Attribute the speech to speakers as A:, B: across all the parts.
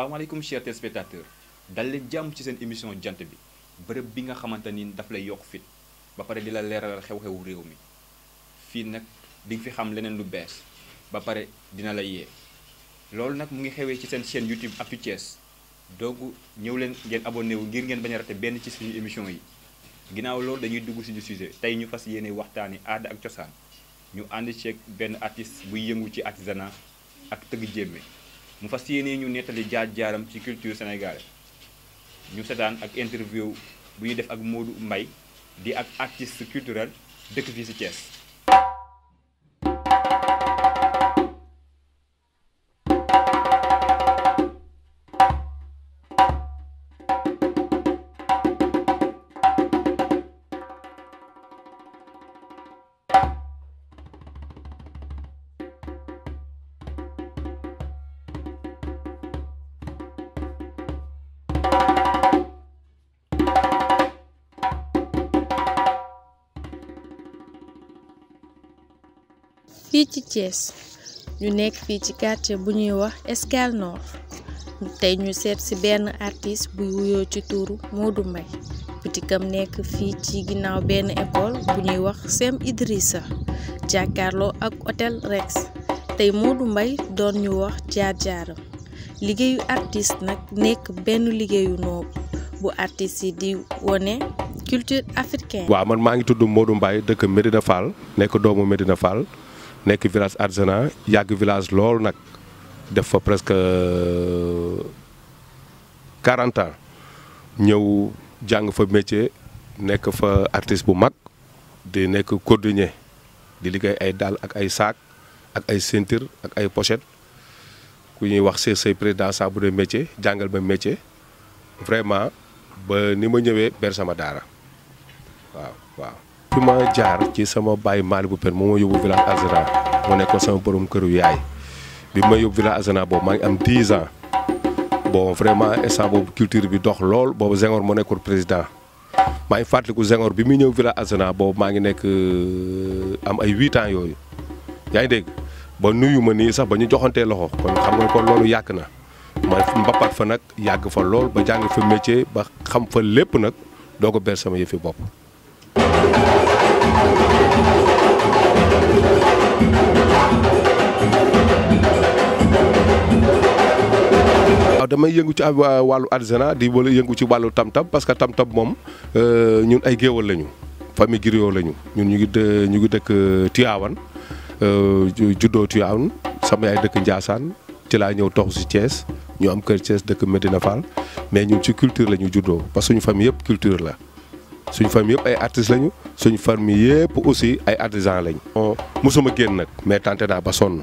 A: salaamaaleykum chers téléspectateurs dal leen jàmm ci seen émission jant bi bërëb bi nga xamante ni daf lay yokk fit ba pare di la leeralal xew-xewu réew mi fii nag di fi xam leneen lu bees ba pare dina lay yee loolu nag mu ngi xewee ci seen chaîne YouTube Actu Thiès donc ñëw leen ngeen abonné wu ngir ngeen bañ a rate benn ci suñu émission yi ginnaaw loolu dañuy dugg si du sujet tey ñu fas yéene waxtaani aada ak cosaan ñu ànd ceeg benn artiste buy yëngu ci artisanat ak tëgg jéeme mu fas yéene ñu nettali jaar-jaaram ci culture sénégalaise ñu setaan ak interview bu ñuy def ak Modou mbay di ak artiste culturel dëkk fii si Thiès. fii ci Thiès ñu nekk fii ci quartier bu ñuy wax Escale Nord tey ñu seet ci benn artiste buy wuyoo ci tuuru Modou Mbaye bitikam nekk fii ci ginnaaw benn école bu ñuy wax Sem idrisa jàkkaarloo ak hôtel Rex tey Modou mbay doon ñu wax jaar-jaaram liggéeyu artiste nag nekk benn liggéeyu noobu bu artiste yi di wone culture africaine.
B: waaw man maa ngi tudd Modou Mbaye dëkk Medina Fall nekk doomu Medina Fall. nekk village artisanat yàgg village loolu nag def fa presque 40 euh, ans ñëw jàng fa métier nekk fa artiste bu mag di nekk cordonnier di liggéey ay dàll ak ay saak ak ay ceinture ak ay pochette ku ñuy wax say say président saa bu dee métier jàngal ba métier vraiment ba ni ma ñëwee ber sama daara waaw waaw fi ma jaar ci sama baay Malick bu Pène moo ma yóbbu village Azana mu nekkoon sama kër këru yaay bi ma yóbbu village Azana boobu maa ngi am 10 ans bon vraiment instant boobu culture bi dox lool boobu Senghor moo nekkoon président maay ngi fàttaliku Senghor bi muy ñëw village Azana boobu maa ngi nekk euh, am ay 8 ans yooyu yaa ngi dégg ba nuyu ma nii sax ba ñu joxantee loxo kon xam nga ko loolu yàgg na ma mbappat fa nag yàgg fa lool ba jàng fa métier ba xam fa lépp nag doo ko ber sama yëfi waaw damay yëngu ci wàllu artisanat di wala yëngu ci wàllu tam-tam parce que tam-tam moom euh, ñun ay géwal lañu fami griot lañu ñun ñu ngi ñu ngi dëkk euh, Tivaouane euh, juddoo Tivaouane sama yaay dëkk Ndiassane ci laa ñëw tox si Thiès ñu am kër Thiès dëkk Medina Fall mais ñun ci culture la ñu juddoo parce que ñu famille yëpp culture la. suñu famille yëpp ay artistes lañu suñu famille yëpp aussi ay artisans lañu. mu mosuma génn nag mais tenté naa ba sonn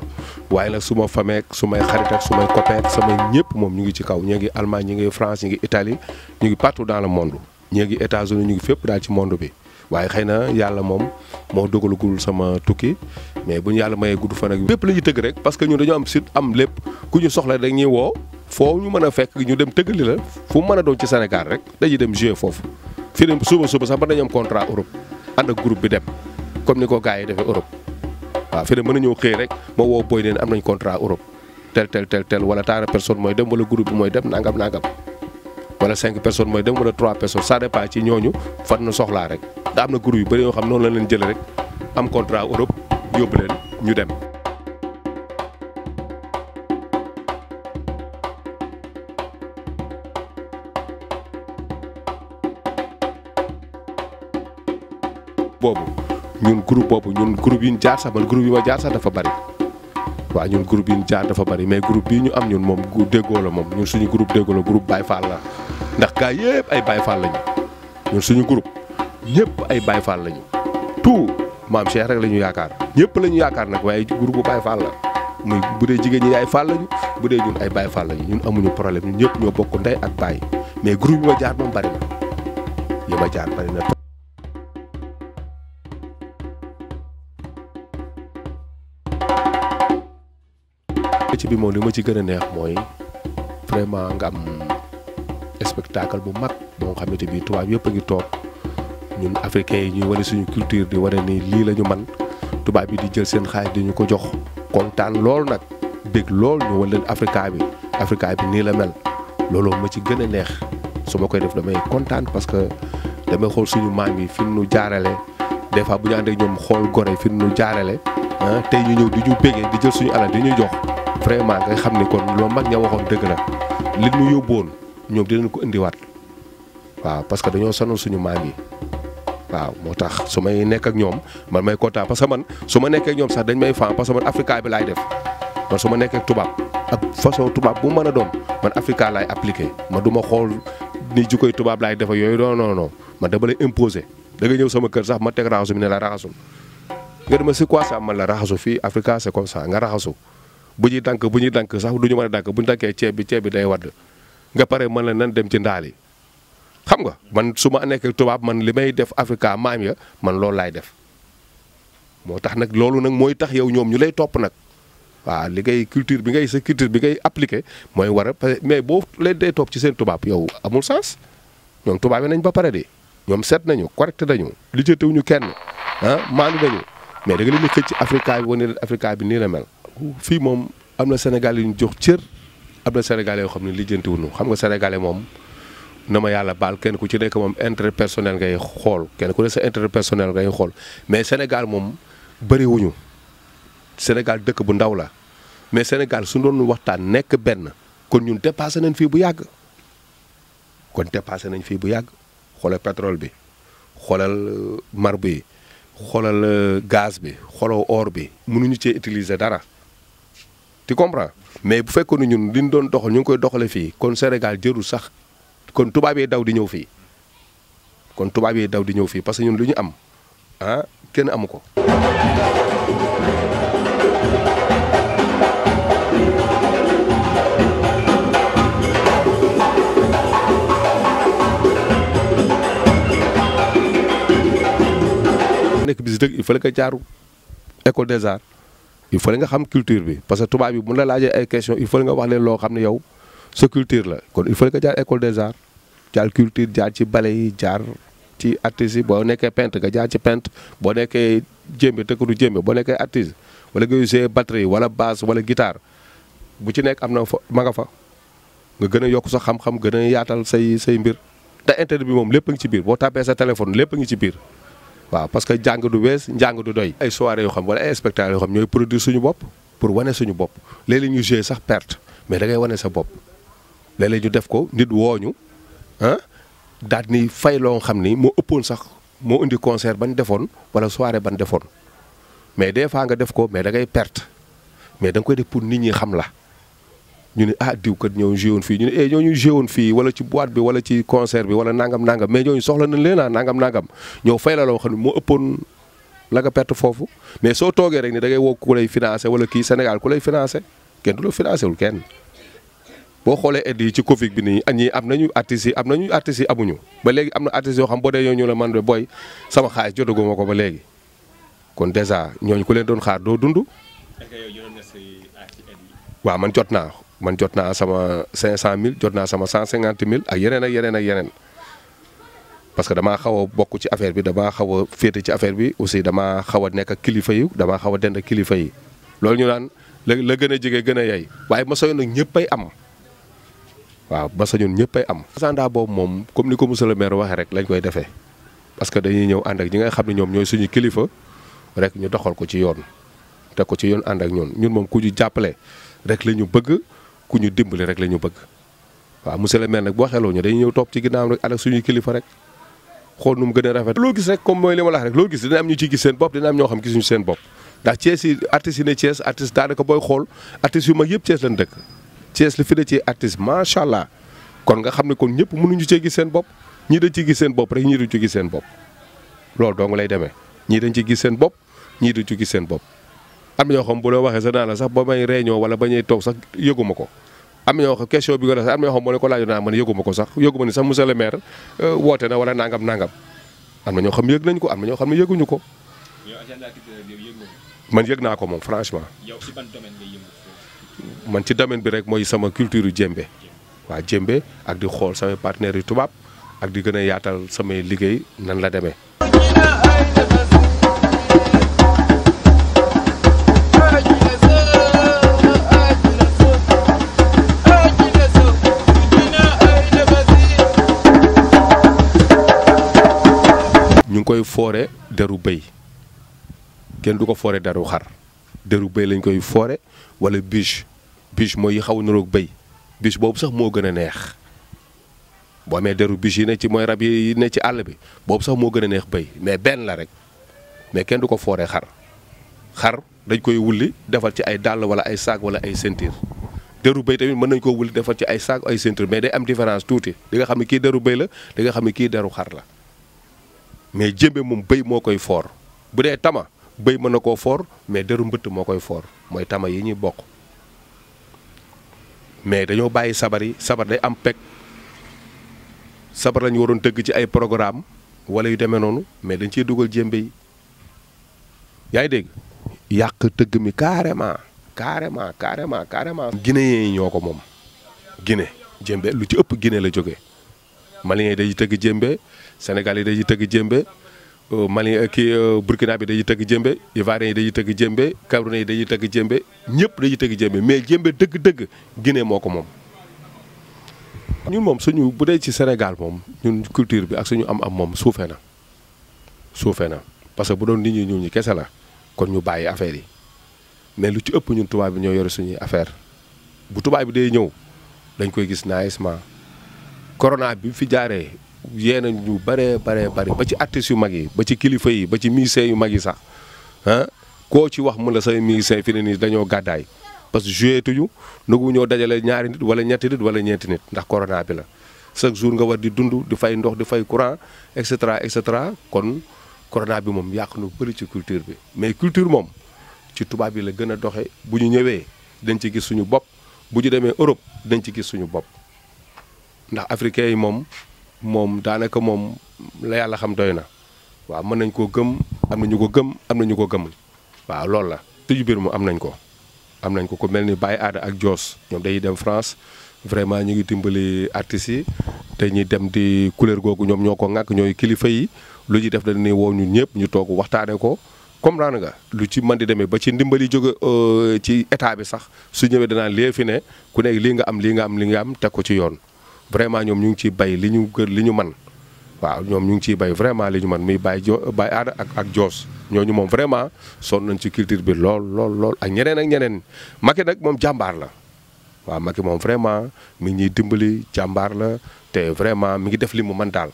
B: waaye nag su ma fameek su may xarit ak su may copain ak ñëpp moom ñu ngi ci kaw ñu ngi Allemagne ñu ngi France ñu ngi Italie ñu ngi partout dans le monde ñu ngi États-Unis fépp daal ci monde bi. waaye xëy na yàlla moom moo dogalagul sama tukki mais bu ñu yàlla mayee gudd fan ak bépp la ñuy tëgg rek parce que ñun dañoo am site am lépp ku ñu soxla dañuy woo foo ñu mën a fekk ñu dem tëggali la fu mën a doon ci Sénégal rek dañuy dem jouer foofu tërim suba suba sax mën nañu am Europe ànd ak bi dem comme ni ko gars yi defee Europe waaw fi ne mën nañoo xëy rek moo woo booy leen am nañ contra Europe tel tel tel tel wala taara personne mooy dem wala groupe bi mooy dem nangam nangam wala cinq personnes mooy dem wala trois personnes ça dépend ci ñooñu fan na soxlaa rek da am na groupe yu bëri yoo xam noonu la leen jëlee rek am contrat Europe yóbbu leen ñu dem. boobu ñun groupe boobu ñun groupe yi ñu jaar sax man groupe yi ma jaar sax dafa bari waa ñun groupe yi ñu jaar dafa bari mais groupe bii ñu am ñun moom déggoo la moom ñun suñu groupe déggoo la la ndax gaa yëpp ay Baye Fall lañu ñun suñu groupe ñëpp ay Baye Fall lañu tout maam Cheikh rek lañu yaakaar ñëpp la ñu yaakaar nag waaye groupe bu Baye Fall la muy bu dee jigéen ñi ay Fall lañu bu dee ñun ay baay Fall lañu ñun amuñu problème ñun ñëpp ñoo bokk ndey ak baay mais groupe yi ma jaar moom bari na yi jaar ci bi moom li ma ci gën a neex mooy vraiment ngam am spectacle bu mag moo xam ne te bii tubaab yëpp a ngi toog ñun africains yi ñuy wane suñu culture di wane nii lii la ñu man tubaab bi di jël seen xaalis di ñu ko jox kontaan loolu nag bég lool ñu wane leen africa bi africa bi nii la mel loolu ma ci gën a neex su ma koy def damay kontaan parce que damay xool suñu maam yi fi nu jaarale des fois bu ñu ànd ak ñoom xool gore fi nu jaarale ah tey ñu ñëw di ñu bégee di jël suñu alal di ñu jox vraiment nga xam ni kon loo mag ña waxoon dëgg la li ñu yóbboon ñoom dinañ ko indiwaat waaw parce que dañoo sonal suñu maam yi waaw moo tax su may nekk ak ñoom man may kontaan parce que man su ma nekkee ñoom sax dañ may fan parce que man africa bi laay def man su ma nekkee ak tubaab ak façon tubaab bu mën a doon man africa laay appliqué man du xool ni jikkoy tubaab laay defa yooyu doo non non man dama lay imposé da nga ñëw sama kër sax ma teg raxasu mi ne la raxasul nga dama si quoi la raxasu fii africa c'est comme ça nga raxasu bu ñuy dànk bu ñuy dànk sax du ñu mën a dànk bu ñu dànkee ceeb bi ceeb bi day wadd nga pare mën la nan dem ci ndaal yi xam nga man su ma nekkee tubaab man li may def Africa maam ya man loolu laay def moo tax nag loolu nag mooy tax yow ñoom ñu lay topp nag waaw li ngay culture bi ngay sa culture bi ngay appliqué mooy war a mais boo leen day topp ci seen tubaab yow amul sens ñoom tubaab yi nañ ba pare de ñoom seet nañu correct nañu lijjatewuñu kenn ah maandu nañu mais da nga leen di xëcc Africa bi wane leen bi nii la mel. fii moom am na Sénégal yu ñu jox cër am na Sénégal yoo xam ne lijjanti wuñu xam nga sénégalais moom na ma yàlla baal kenn ku ci nekk moom intérêt personnel ngay xool kenn ku ne sa intérêt personnel ngay xool mais Sénégal moom bëri Sénégal dëkk bu ndaw la mais Sénégal su doon waxtaan nekk benn kon ñun dépassé nañ fii bu yàgg kon dépassé nañ fii bu yàgg xoolal pétrole bi xoolal euh, marbre yi xoolal euh, gaz bi xooloo or bi munuñu cee utiliser dara. tu comprends mais bu fekkoon ne ñun li ñu doon doxal ñu ngi koy doxalee fii kon Sénégal jërul sax kon tubaab yi daw di ñëw fii kon tubaab yi daw di ñëw fii parce que ñun lu ñu am ah kenn amu ko. nekk bis dëgg il fallait que jaaru école des arts. il faut nga xam culture bi parce que tubaab bi bu la laajee ay question il faut nga wax leen loo xam ne yow sa culture la kon il faut nga jaar école des arts jaar culture jaar ci bale yi jaar ci artistes boo nekkee pent nga jaar ci peintre boo nekkee te jéembe tëkkatu jéembe boo nekkee artiste wala nga usé batterie wala basse wala gitaar bu ci nekk am na fa ma nga fa nga gën a yokk sa xam-xam gën a yaatal say say mbir te internet bi moom lépp a ci biir boo tàppee sa téléphone lépp ngi ci biir. waaw parce que jàng du bees njàng du doy. ay soirées yoo xam wala ay spectacles yoo xam ñooy produire suñu bopp pour wane suñu bopp léeg-léeg ñu jouer sax perte mais dangay wane sa bopp léeg-léeg def ko nit wooñu ah daal ni fay loo xam ni moo ëppoon sax moo indi ba ban defoon wala soirée ban defoon mais des fois nga def ko mais da ngay perte mais da nga koy def pour nit ñi xam la. ñu ne ah diw kat ñëw joué fii ñu ne eh ñoo ñu joué woon fii wala ci boîte bi wala ci conser bi wala nangam nangam mais ñooñu soxla nañ leen ah nangam nangam ñoo fay la loo xam ne moo ëppoon la nga perte foofu mais soo toogee rek ni da ngay woo ku lay financé wala kii Sénégal ku lay financé kenn du la financé kenn. boo xoolee aide ci Covid bi nii ñii am nañu artistes yi am nañu artistes yi amuñu ba léegi am na artistes yoo xam boo dee ñoo ñu man de boy sama xaalis jotaguma ko ba léegi kon dèjà ñooñu ku leen doon xaar doo dund. waaw man jot naa man jot naa sama cinq mille jot naa sama 150000 ak yeneen ak yeneen ak yeneen parce que damaa xaw a bokk ci affaire bi damaa xaw a féete ci affaire bi aussi damaa xaw nekk ak kilifa yi damaa xaw a dend kilifa yi loolu ñu naan la la gën a jege gën a yey waaye ma sañoon nag ñëppay am waaw ma sañoon ñëppay am. agenda boobu moom comme ni ko monsieur le maire waxee rek lañ koy defee parce que dañuy ñëw ànd ak ñi ngay xam ne ñoom ñooy suñu kilifa rek ñu doxal ko ci yoon te ko ci yoon ànd ak ñun ñun moom ku ñu jàppale rek la ñu bëgg. ku ñu dimbali rek la ñu bëgg waa monsieur le maire nag boo xeloo ñu dañuy ñëw topp ci ginnaaw rek ànd ak suñuy kilifa rek xool nu mu gën a rafet loo gis rek comme mooy li ma la rek loo gis dina am ñu ciy gis seen bopp dina am ñoo xam gisuñu seen bopp ndax Thiès yi artistes yi ne Thiès artiste daanaka booy xool artistes yu mag yëpp Thiès lañ dëkk Thiès li fi ne ci artiste macha allah kon nga xam ne kon ñëpp mënuñu cee gis seen bopp ñii dañ ci gis seen bopp rek ñii duñ ci gis seen bopp loolu dong lay demee ñii dañ ci gis seen bopp ñii duñ ci gis bopp am ñoo xam bu la waxee sax naa la sax ba may réunion wala ba ñuy toog sax yëguma ko am ñoo xam question bi nga la am ñoo xam moo ne ko laajoon naa man yëguma ko sax yëguma ni sax monsieur le euh, woote na wala nangam nangam am na ñoo xam yëg nañ ko am na ñoo xam ne yëguñu ko. man yëg naa ko moom franchement. yow ci ban man ci domaine bi rek mooy sama culture yu jéembe. waa jéembe ak di xool samay partenaires yu tubaab ak di gën a yaatal samay liggéey nan la demee. koy foore deru bëy kenn du ko foore deru xar deru bëy lañ koy foore wala biche biche mooy yi xaw a niroog bëy biche boobu sax moo gën a neex boo amee deru biche yi ne ci mooy rab yi ne ci àll bi boobu sax moo gën a neex bëy mais benn la rek mais kenn du ko foore xar xar dañ koy wulli defal ci ay dàll wala ay saag wala ay ceinture deru béy tamit mën nañ koo wulli defal ci ay saag ay ceinture mais day am différence tuuti di nga xam ne kii deru béy la di nga xam ne kii deru xar la mais jémbe moom béy moo koy foor bu dee tama béy mën na koo foor mais deru mbëtt moo koy foor mooy tama yi ñuy bokk mais dañoo bàyyi sabar yi sabar day am peg sabar lañu waroon tëgg ci ay programme wala yu demee noonu mais dañ ciy dugal jémbe yi yaa ngi dégg yàq tëgg mi carrément carrément carrément carrément guinéen yi ñoo ko moom gine jémbe lu ci ëpp gine la jóge malien yi day tëgg jémbe Sénégal yi dañuy tëgg jëmbe euh, Mali euh, kii euh, Burkina bi dañuy tëgg jëmbe Ivoirien yi dañuy tëgg jëmbe Camerounais yi dañuy tëgg jëmbe ñëpp dañuy tëgg jëmbe mais jëmbe dëgg-dëgg Guinée moo ko moom. ñun moom suñu bu dee ci Sénégal moom ñun culture bi ak suñu am-am moom suufee na suufee na parce que bu doon nit ñi ñuul ñu kese la kon ñu bàyyi affaire yi mais lu ci ëpp ñun tubaab bi ñoo yore suñuy affaire bu tubaay bi day ñëw dañ koy gis naa naajement corona bi fi jaaree. yee nañ ñu bëree baree bëri ba ci artistes yu mag yi ba ci kilifa yi ba ci musiciens yu mag yi sax ah koo ci wax mu la say musiciens fi nii dañoo gàddaay parce que joué tuñu nagu ñoo dajale ñaari nit wala ñetti nit wala ñeenti nit ndax corona bi la chaque jour nga war di dund di fay ndox di fay courant et cetera et cetera kon corona bi moom yàq nu bëri ci culture bi mais culture moom ci tubaab yi la gën a doxe bu ñu ñëwee dañ ci gis suñu bopp bu ñu demee Europe dañ ci gis suñu bopp ndax yi moom moom daanaka moom la yàlla xam doy na waaw mën nañ koo gëm am na ñu ko gëm am na ko gëmul waaw loolu la tëju biir mu am nañ ko am nañ ko ku mel ni Baye Aada ak Joos ñoom dañuy dem France vraiment ñu ngi dimbali artistes yi te ñuy dem di couleur googu ñoom ñoo ko ŋàkk ñooyu kilifa yi lu ñuy def dañu ne woo ñu ñëpp ñu toog waxtaane ko comprendre nga lu ci mën di demee ba ci ndimbali jóge euh, ci état bi sax su ñëwee danaan lii fi ne ku nekk lii nga am lii nga am li nga am teg ko ci yoon. vraiment ñoom ñu ngi ciy bay li ñu gën li ñu man waaw ñoom ñu ngi ciy bay vraiment li ñu man muy bay jo bay aada ak ak joos ñu moom vraiment sonn nañ ci culture bi lool lool lool ak ñeneen ak ñeneen Macky nag moom jàmbaar la waaw Macky moom vraiment mi ngi ñuy dimbali jàmbaar la te vraiment mi ngi def li mu man daal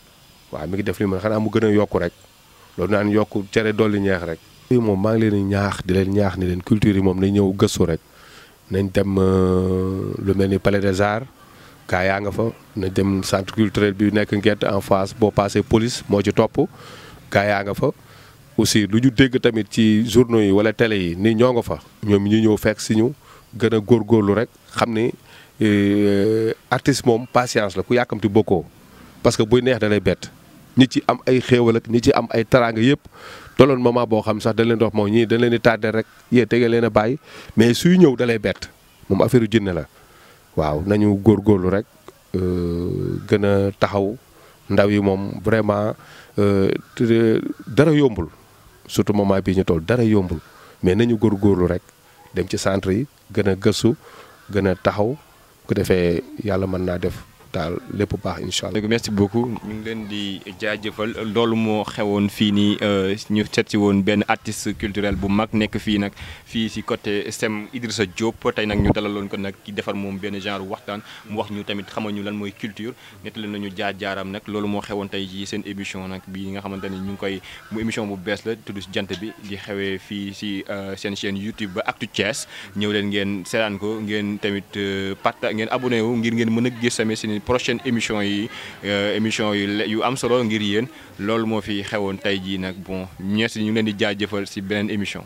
B: waaw mi ngi def li mu man xanaa mu gën a yokku rek loolu naan yokku cere dolli ñeex rek. moom maa ngi leen ñaax di leen ñaax ni leen culture yi moom nañ ñëw gëstu rek nañ dem euh, lu mel ni Palais des gaa yaa nga fa na dem centre culturel bi nekk ngent en face boo passé police moo ci topp gaa yaa nga fa aussi lu ñu dégg tamit ci journaux yi wala télé yi ni ñoo nga fa ñoom ñu ñëw fekk si ñu gën a góorgóorlu rek xam ni eh, artiste moom patience la ku yàkkamti bokkoo parce que buy neex dalay bett ñi ci am ay xéewal ak ñi ci am ay taraanga yëpp toloon moom moment boo xam sax dañ leen dox moom ñii dañ leen di tardé rek yee tege leen a bàyyi mais suy ñëw da lay moom affaire u la waaw nañu góor góorlu rek euh, gën a taxaw ndaw yi moom vraiment euh, dara yombul surtout moment bii ñu tool dara yombul mais nañu góor góorlu rek dem ci centre yi gën a gëstu gën a taxaw ku defee yàlla mën naa def daal lépp baax incha allah. merci beaucoup ñu
A: ngi leen di jaajëfal loolu moo xewoon fii nii euh, ñu seet si woon benn artiste culturel bu mag nekk fii nag fii si coté SEM Idrissa Diop tey nag ñu dalaloon ko nag ki defar moom benn genre waxtaan mu wax ñu tamit xamal ñu lan mooy culture nettali nañu jaar jaaram nag loolu moo xewoon tey jii seen émission nag bii nga xamante ni ñu ngi koy mu émission bu bees la tudd si jant bi di xewee fii si euh, seen chaîne YouTube ba Actu Thiès ñëw leen ngeen seetaan ko ngeen tamit euh, parta ngeen abonné wu ngir mën a ni prochaine émission yi euh, émission yu yu am solo ngir yéen loolu moo fi xewoon tey jii nag bon ñees ñu leen di jaajëfal si beneen émission.